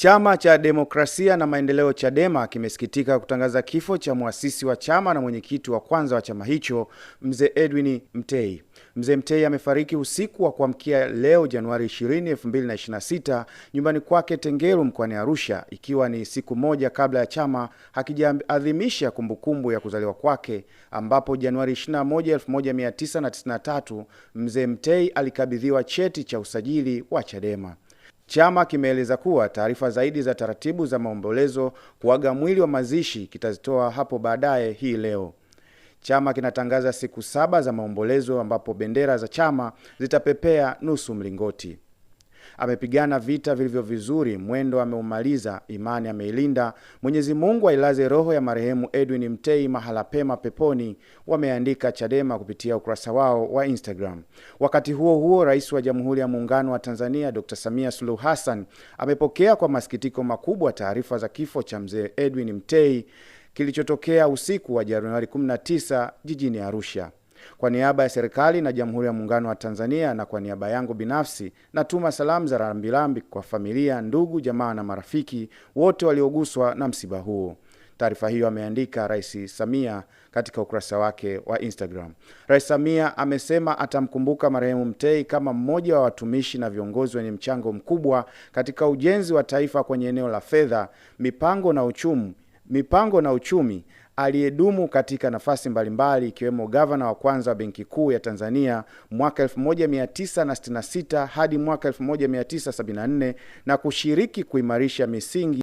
Chama cha Demokrasia na Maendeleo Chadema kimesikitika kutangaza kifo cha mwasisi wa chama na mwenyekiti wa kwanza wa chama hicho Mzee Edwin Mtei. Mzee Mtei amefariki usiku wa kuamkia leo Januari 20, 2026 nyumbani kwake Tengeru mkoani Arusha, ikiwa ni siku moja kabla ya chama hakijaadhimisha kumbukumbu ya kuzaliwa kwake, ambapo Januari 21, 1993 Mzee Mtei alikabidhiwa cheti cha usajili wa Chadema. Chama kimeeleza kuwa taarifa zaidi za taratibu za maombolezo kuaga mwili wa mazishi kitazitoa hapo baadaye hii leo. Chama kinatangaza siku saba za maombolezo ambapo bendera za chama zitapepea nusu mlingoti amepigana vita vilivyo vizuri, mwendo ameumaliza, imani ameilinda. Mwenyezi Mungu ailaze roho ya marehemu Edwin Mtei mahala pema peponi, wameandika Chadema kupitia ukurasa wao wa Instagram. Wakati huo huo, Rais wa Jamhuri ya Muungano wa Tanzania Dr. Samia Suluhu Hassan amepokea kwa masikitiko makubwa taarifa za kifo cha mzee Edwin Mtei kilichotokea usiku wa Januari 19 jijini Arusha. Kwa niaba ya serikali na Jamhuri ya Muungano wa Tanzania na kwa niaba yangu binafsi, natuma salamu za rambirambi kwa familia, ndugu, jamaa na marafiki wote walioguswa na msiba huo. Taarifa hiyo ameandika Rais Samia katika ukurasa wake wa Instagram. Rais Samia amesema atamkumbuka marehemu Mtei kama mmoja wa watumishi na viongozi wenye mchango mkubwa katika ujenzi wa taifa kwenye eneo la fedha, mipango na uchumi mipango na uchumi aliyedumu katika nafasi mbalimbali ikiwemo gavana wa kwanza wa Benki Kuu ya Tanzania mwaka 1966 hadi mwaka 1974 na kushiriki kuimarisha misingi